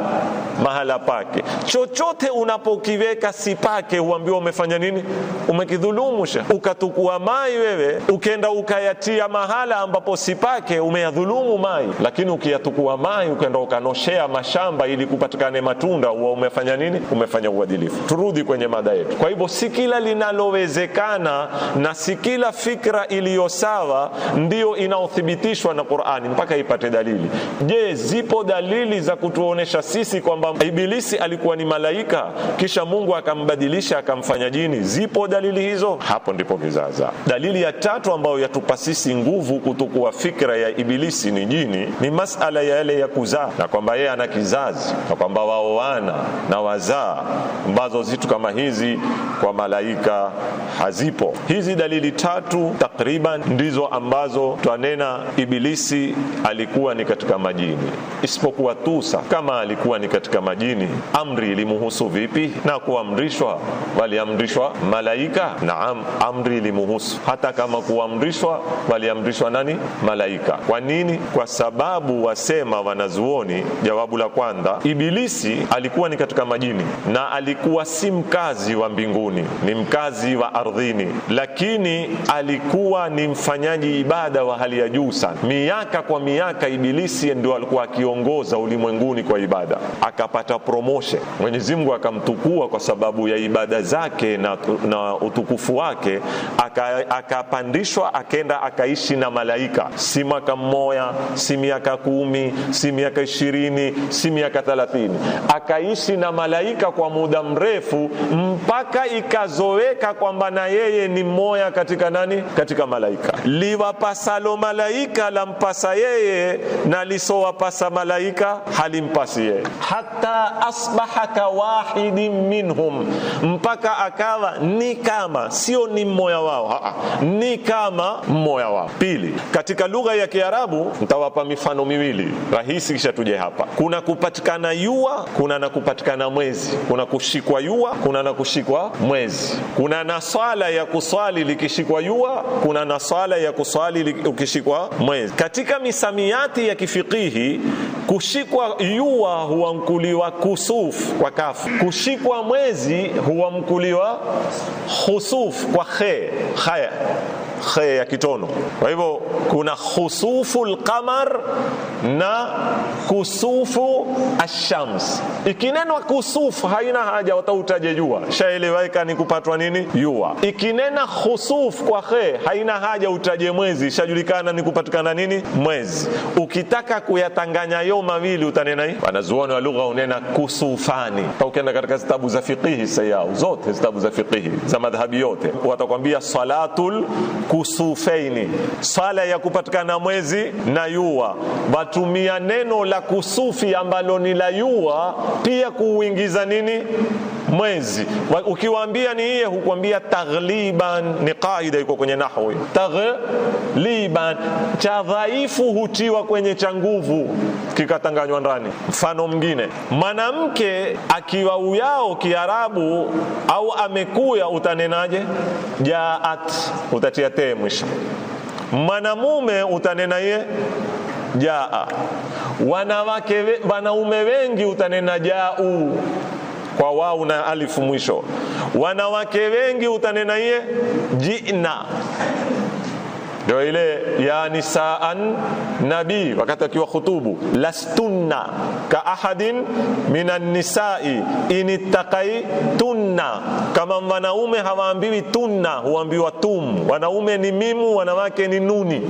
S9: mahala pake. Chochote unapokiweka si pake, huambiwa umefanya nini? Umekidhulumu. Sha ukatukua mai wewe, ukenda ukayatia mahala ambapo si pake, umeyadhulumu mai. Lakini ukiyatukua mai ukenda ukanoshea mashamba ili kupatikane matunda, huwa umefanya nini? Umefanya uadilifu. Turudi kwenye mada yetu. Kwa hivyo si kila linalowezekana na si kila fikra iliyo sawa ndiyo inaothibitishwa na Qur'ani mpaka ipate dalili. Je, zipo dalili za kutuonesha sisi kwamba Ibilisi alikuwa ni malaika, kisha Mungu akambadilisha akamfanya jini. Zipo dalili hizo, hapo ndipo kizaza. Dalili ya tatu ambayo yatupa sisi nguvu kutokuwa fikra ya Ibilisi ni jini, ni masala yale ya kuzaa, na kwamba yeye ana kizazi, na kwamba waoana na wazaa, ambazo zitu kama hizi kwa malaika hazipo. Hizi dalili tatu takriban ndizo ambazo twanena Ibilisi alikuwa ni katika majini, isipokuwa Tusa, kama alikuwa ni katika majini, amri ilimuhusu vipi? Na kuamrishwa waliamrishwa malaika? Naam, amri ilimuhusu. Hata kama kuamrishwa waliamrishwa nani? Malaika. Kwa nini? Kwa sababu wasema wanazuoni, jawabu la kwanza, Ibilisi alikuwa ni katika majini na alikuwa si mkazi wa mbinguni, ni mkazi wa ardhini, lakini alikuwa ni mfanyaji ibada wa hali ya juu sana. Miaka kwa miaka Ibilisi ndio alikuwa akiongoza ulimwenguni kwa ibada, akapata promotion. Mwenyezi Mungu akamtukua kwa sababu ya ibada zake na, na utukufu wake, akapandishwa aka akenda akaishi na malaika, si mwaka mmoja, si miaka kumi, si miaka ishirini, si miaka thalathini, akaishi na malaika kwa muda mrefu mpaka ikazoweka kwamba na yeye ni mmoja katika nani, katika malaika. Liwapasalo malaika lampasa yeye na lisowapasa malaika halimpasi yeye, hata asbaha kawahidin minhum, mpaka akawa ni kama, sio ni mmoja wao, ni kama mmoja wao. Pili, katika lugha ya Kiarabu nitawapa mifano miwili rahisi, kisha tuje hapa. Kuna kupatikana yua, kuna na kupatikana mwezi, kuna kushikwa yua, kuna na kushikwa mwezi, kuna na swala ya kuswali likishikwa yua, kuna na swala ya kuswali ukishikwa mwezi. Katika misamiati ya kifikihi Kushikwa yua huamkuliwa kusuf kwa kafu, kushikwa mwezi huamkuliwa husuf kwa khe haya he ya kitono. Kwa hivyo kuna khusufu lqamar na kusufu ashams. Ikinenwa kusufu, haina haja watautaje jua, shaeleweka ni kupatwa nini jua. Ikinena khusufu kwa he, haina haja utaje mwezi, shajulikana ni kupatikana nini mwezi. Ukitaka kuyatanganya yo mawili utanena hii, wanazuoni wa lugha unena kusufani. Ukienda katika zitabu za fiqihi sayau zote, zitabu za fiqhi za madhhabi yote, watakwambia salatul kusufeini, sala ya kupatikana mwezi na yua. Watumia neno la kusufi ambalo ni la yua pia kuuingiza nini mwezi. Ukiwaambia ni yeye, hukwambia taghliban. Ni kaida iko kwenye nahwi tagliban cha dhaifu hutiwa kwenye cha nguvu kikatanganywa ndani. Mfano mwingine, mwanamke akiwa uyao Kiarabu au amekuya, utanenaje? Jaat, utatia te tokee mwisho mwanamume utanena ye jaa wanawake wanaume wengi utanena jau kwa wau na alifu mwisho wanawake wengi utanena ye jina ndio ile ya nisaan nabii wakati akiwa khutubu lastunna ka ahadin minan nisai tunna. kama wanaume hawaambiwi tunna huambiwa tum wanaume ni mimu wanawake ni nuni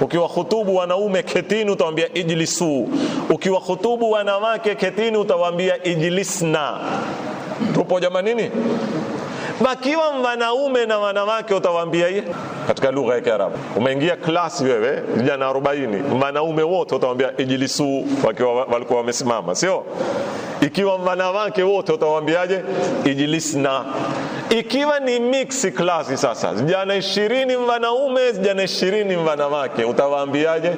S9: ukiwa khutubu wanaume ketini utawambia ijlisu ukiwa khutubu wanawake ketini utawambia ijlisna tupo jamanini bakiwa wanaume na wanawake utawambia katika lugha ya Kiarabu. Umeingia klasi wewe, vijana 40 wanaume wote utawambia ijilisu, wakiwa walikuwa wamesimama, sio? Ikiwa wanawake wote utawaambiaje? Ijilisna. Ikiwa ni mix klasi sasa, vijana ishirini wanaume, vijana ishirini wanawake, utawaambiaje?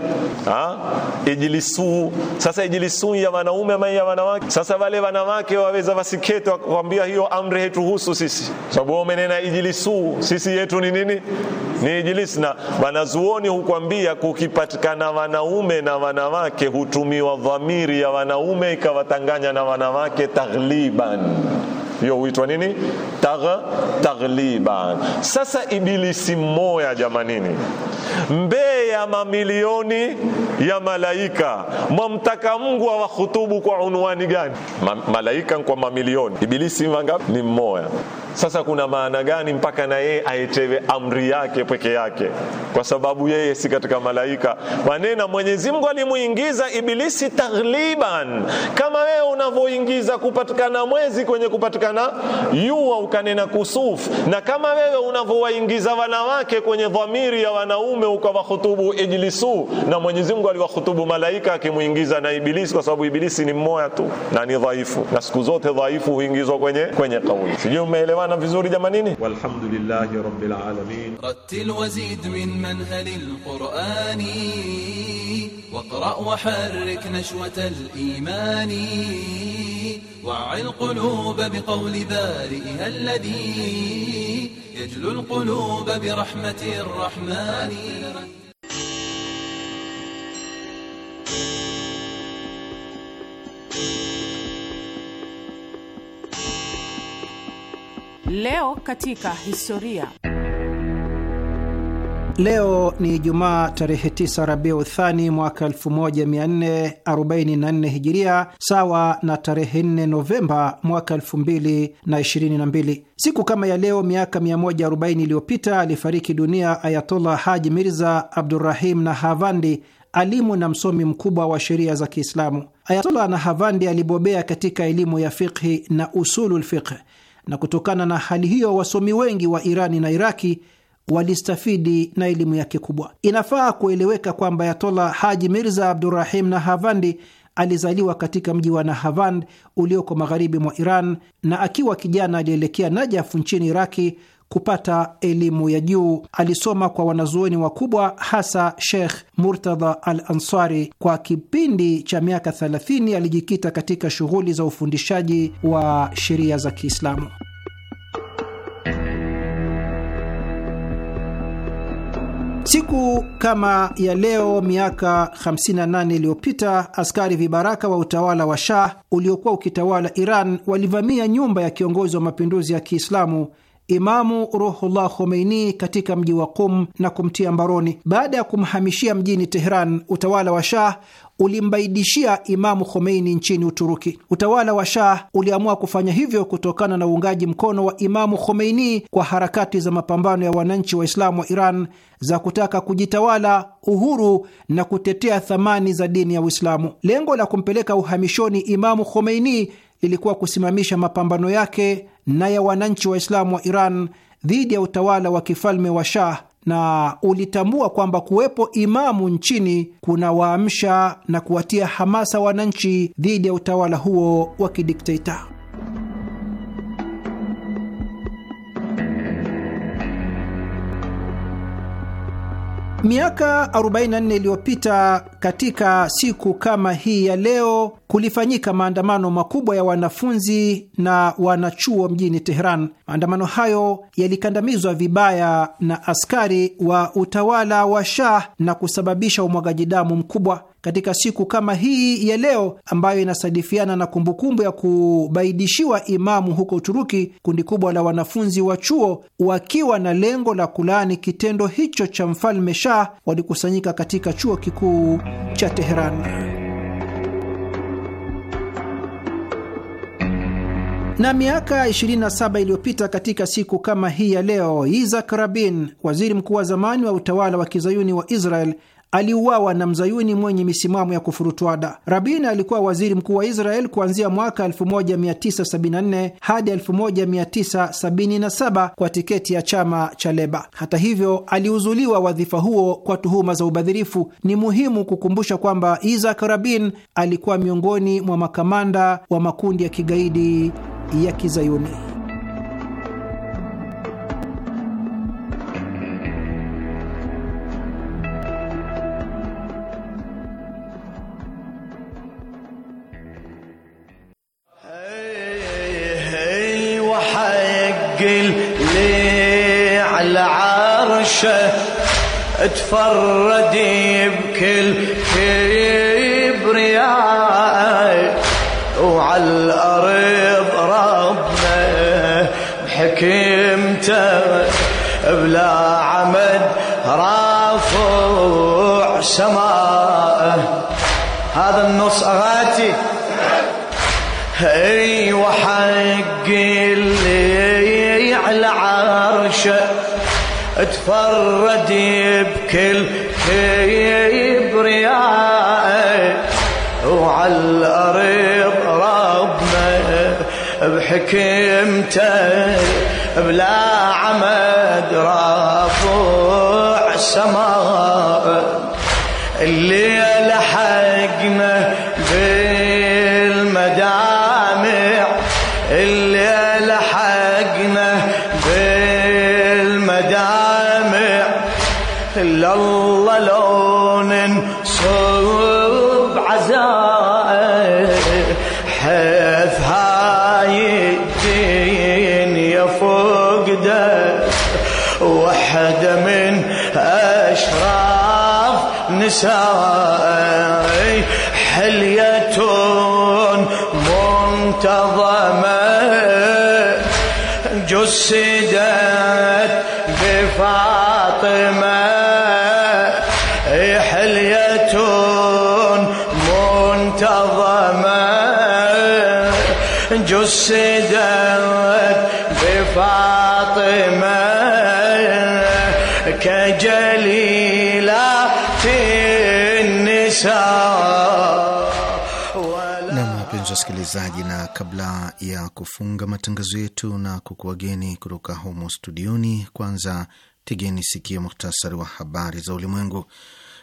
S9: Ijilisu. Sasa ijilisu ya wanaume ama ya wanawake? Sasa wale wanawake waweza wasikete wakwambia hiyo amri hetuhusu sisi, sababu wao umenena ijilisu, sisi yetu ni nini? ni ijilisi Na wanazuoni hukwambia kukipatikana wanaume na wanawake hutumiwa dhamiri ya wanaume ikawatanganya na wanawake taghliban hiyo huitwa nini? Tag, tagliban. Sasa ibilisi mmoya jamanini, mbee ya mamilioni ya malaika, mwamtaka Mungu awahutubu kwa unwani gani? Ma, malaika kwa mamilioni, ibilisi mangapi? Ni mmoya. Sasa kuna maana gani mpaka na yeye aitewe amri yake peke yake, kwa sababu yeye si katika malaika? Wanena Mwenyezi Mungu alimuingiza ibilisi tagliban, kama wewe unavyoingiza kupatikana mwezi kwenye kupatikana kana yua ukanena kusuf, na kama wewe unavyowaingiza wanawake kwenye dhamiri ya wanaume ukawahutubu ijlisu, na Mwenyezi Mungu aliwahutubu malaika akimuingiza na ibilisi, kwa sababu ibilisi ni mmoja tu na ni dhaifu, na siku zote dhaifu huingizwa kwenye kwenye kauli. Sijui umeelewana vizuri jamanini? Walhamdulillahi rabbil alamin.
S7: Rattil wazid min manhalil qurani واقرأ وحرك نشوة الإيمان وعي القلوب بقول بارئها الذي
S1: يجلو القلوب برحمة الرحمن
S5: Leo katika historia.
S7: Leo ni Jumaa tarehe 9 Rabiu Thani mwaka 1444 Hijiria, sawa na tarehe 4 Novemba mwaka 2022. Siku kama ya leo miaka 140 iliyopita alifariki dunia Ayatollah Haji Mirza Abdurrahim Nahavandi, alimu na msomi mkubwa wa sheria za Kiislamu. Ayatollah Nahavandi alibobea katika elimu ya fiqhi na usulul fiqh, na kutokana na hali hiyo wasomi wengi wa Irani na Iraki walistafidi na elimu yake kubwa. Inafaa kueleweka kwamba Ayatola Haji Mirza Abdurahim Nahavandi alizaliwa katika mji wa Nahavand ulioko magharibi mwa Iran, na akiwa kijana alielekea Najafu nchini Iraki kupata elimu ya juu. Alisoma kwa wanazuoni wakubwa, hasa Sheikh Murtadha Al Ansari. Kwa kipindi cha miaka 30 alijikita katika shughuli za ufundishaji wa sheria za Kiislamu. Siku kama ya leo miaka 58 iliyopita askari vibaraka wa utawala wa Shah uliokuwa ukitawala Iran walivamia nyumba ya kiongozi wa mapinduzi ya Kiislamu Imamu Ruhullah Khomeini katika mji wa Qum na kumtia mbaroni. Baada ya kumhamishia mjini Teheran, utawala wa Shah ulimbaidishia Imamu Khomeini nchini Uturuki. Utawala wa Shah uliamua kufanya hivyo kutokana na uungaji mkono wa Imamu Khomeini kwa harakati za mapambano ya wananchi wa islamu wa Iran za kutaka kujitawala, uhuru na kutetea thamani za dini ya Uislamu. Lengo la kumpeleka uhamishoni Imamu Khomeini lilikuwa kusimamisha mapambano yake na ya wananchi Waislamu wa Iran dhidi ya utawala wa kifalme wa Shah na ulitambua kwamba kuwepo imamu nchini kunawaamsha na kuwatia hamasa wananchi dhidi ya utawala huo wa kidikteta. Miaka 44 iliyopita katika siku kama hii ya leo kulifanyika maandamano makubwa ya wanafunzi na wanachuo mjini Teheran. Maandamano hayo yalikandamizwa vibaya na askari wa utawala wa Shah na kusababisha umwagaji damu mkubwa katika siku kama hii ya leo ambayo inasadifiana na kumbukumbu ya kubaidishiwa imamu huko Uturuki, kundi kubwa la wanafunzi wa chuo wakiwa na lengo la kulaani kitendo hicho cha mfalme Shah walikusanyika katika chuo kikuu cha Teheran. na miaka 27 iliyopita katika siku kama hii ya leo, isak Rabin, waziri mkuu wa zamani wa utawala wa kizayuni wa Israel, aliuawa na mzayuni mwenye misimamo ya kufurutuada. Rabin alikuwa waziri mkuu wa Israel kuanzia mwaka 1974 hadi 1977 kwa tiketi ya chama cha Leba. Hata hivyo, aliuzuliwa wadhifa huo kwa tuhuma za ubadhirifu. Ni muhimu kukumbusha kwamba Isaac Rabin alikuwa miongoni mwa makamanda wa makundi ya kigaidi ya kizayuni.
S6: عطشه تفردي بكل كبرياء وعلى الأرض ربنا بحكمته بلا عمد رافع سماءه هذا النص أغاتي إيه. تفرد بكل خيب رياء وعلى الأرض ربنا بحكمته بلا عمد رافع سماء اللي النساء حلية منتظمة جسدت بفاطمة حلية منتظمة جسدت بفاطمة كجسد
S3: msikilizaji, na kabla ya kufunga matangazo yetu na kukuwageni kutoka humo studioni, kwanza tegeni sikio muhtasari wa habari za ulimwengu.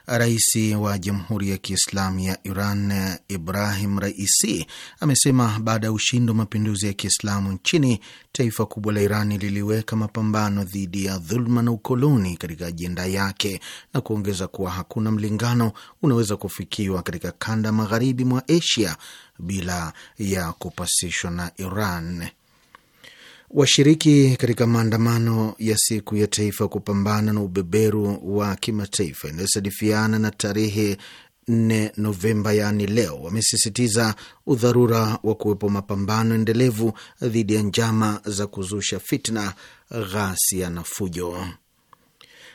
S3: Rais wa Jamhuri ya Kiislamu ya Iran Ibrahim Raisi amesema baada ya ushindi wa mapinduzi ya Kiislamu nchini, taifa kubwa la Iran liliweka mapambano dhidi ya dhuluma na ukoloni katika ajenda yake, na kuongeza kuwa hakuna mlingano unaweza kufikiwa katika kanda magharibi mwa Asia bila ya kupasishwa na Iran. Washiriki katika maandamano ya siku ya taifa kupambana na ubeberu wa kimataifa inayosadifiana na tarehe 4 Novemba, yaani leo, wamesisitiza udharura wa kuwepo mapambano endelevu dhidi ya njama za kuzusha fitna, ghasia na fujo.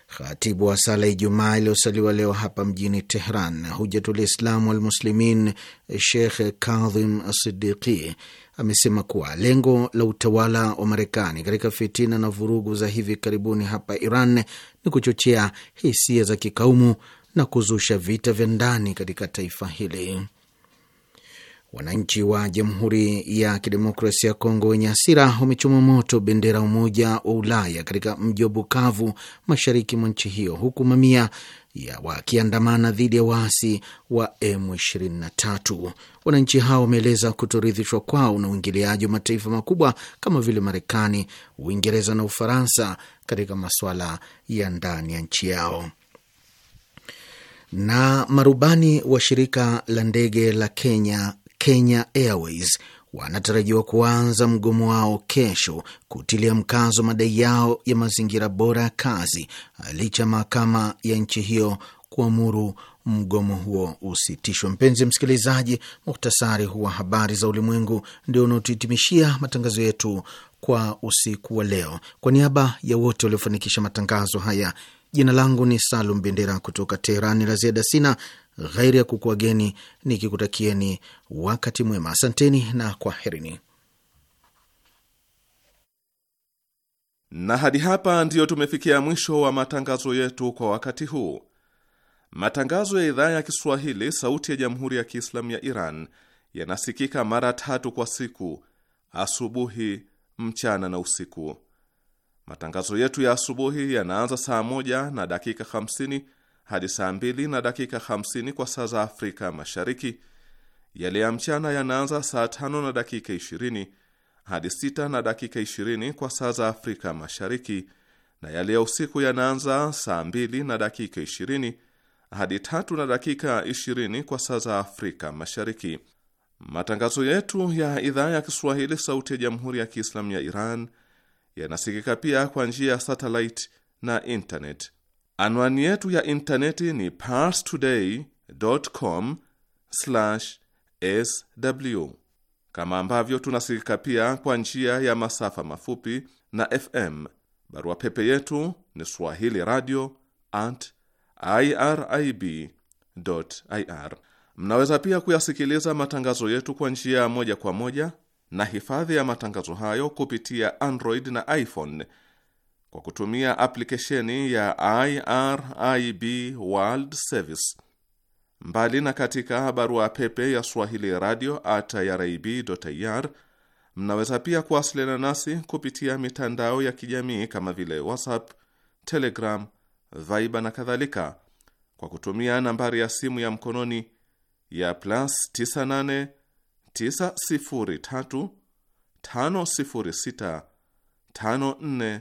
S3: Khatibu wa sala Ijumaa iliyosaliwa leo hapa mjini Tehran, Hujatul Islamu Walmuslimin Sheikh Kadhim Sidiqi amesema kuwa lengo la utawala wa Marekani katika fitina na vurugu za hivi karibuni hapa Iran ni kuchochea hisia za kikaumu na kuzusha vita vya ndani katika taifa hili. Wananchi wa Jamhuri ya Kidemokrasia ya Kongo wenye hasira wamechoma moto bendera Umoja wa Ulaya katika mji wa Bukavu, mashariki mwa nchi hiyo, huku mamia wakiandamana dhidi ya waasi wa M23. Wananchi hao wameeleza kutoridhishwa kwao na uingiliaji wa mataifa makubwa kama vile Marekani, Uingereza na Ufaransa katika masuala ya ndani ya nchi yao. Na marubani wa shirika la ndege la Kenya, Kenya Airways, wanatarajiwa kuanza mgomo wao kesho kutilia mkazo madai yao ya mazingira bora ya kazi licha ya mahakama ya nchi hiyo kuamuru mgomo huo usitishwe. Mpenzi msikilizaji, muhtasari wa habari za ulimwengu ndio unaotuhitimishia matangazo yetu kwa usiku wa leo. Kwa niaba ya wote waliofanikisha matangazo haya, jina langu ni Salum Bendera kutoka Teherani. La ziada sina ghairi ya kukuageni nikikutakieni wakati mwema. Asanteni na kwaherini.
S5: Na hadi hapa ndiyo tumefikia mwisho wa matangazo yetu kwa wakati huu. Matangazo ya idhaa ya Kiswahili sauti ya Jamhuri ya Kiislamu ya Iran yanasikika mara tatu kwa siku: asubuhi, mchana na usiku. Matangazo yetu ya asubuhi yanaanza saa moja na dakika hamsini hadi saa mbili na dakika hamsini kwa saa za Afrika Mashariki. Yale ya mchana yanaanza saa tano na dakika ishirini hadi sita na dakika ishirini kwa saa za Afrika Mashariki, na yale ya usiku yanaanza saa mbili na dakika ishirini hadi tatu na dakika ishirini kwa saa za Afrika Mashariki. Matangazo yetu ya idhaa ya Kiswahili sauti ya Jamhuri ya Kiislamu ya Iran yanasikika pia kwa njia ya satellite na internet. Anwani yetu ya intaneti ni parstoday.com/sw, kama ambavyo tunasikika pia kwa njia ya masafa mafupi na FM. Barua pepe yetu ni swahili radio at irib ir. Mnaweza pia kuyasikiliza matangazo yetu kwa njia moja kwa moja na hifadhi ya matangazo hayo kupitia Android na iPhone kwa kutumia aplikesheni ya IRIB World Service. Mbali na katika barua pepe ya Swahili radio at irib.ir, mnaweza pia kuwasiliana nasi kupitia mitandao ya kijamii kama vile WhatsApp, Telegram, Viber na kadhalika kwa kutumia nambari ya simu ya mkononi ya plus 98 903 506 54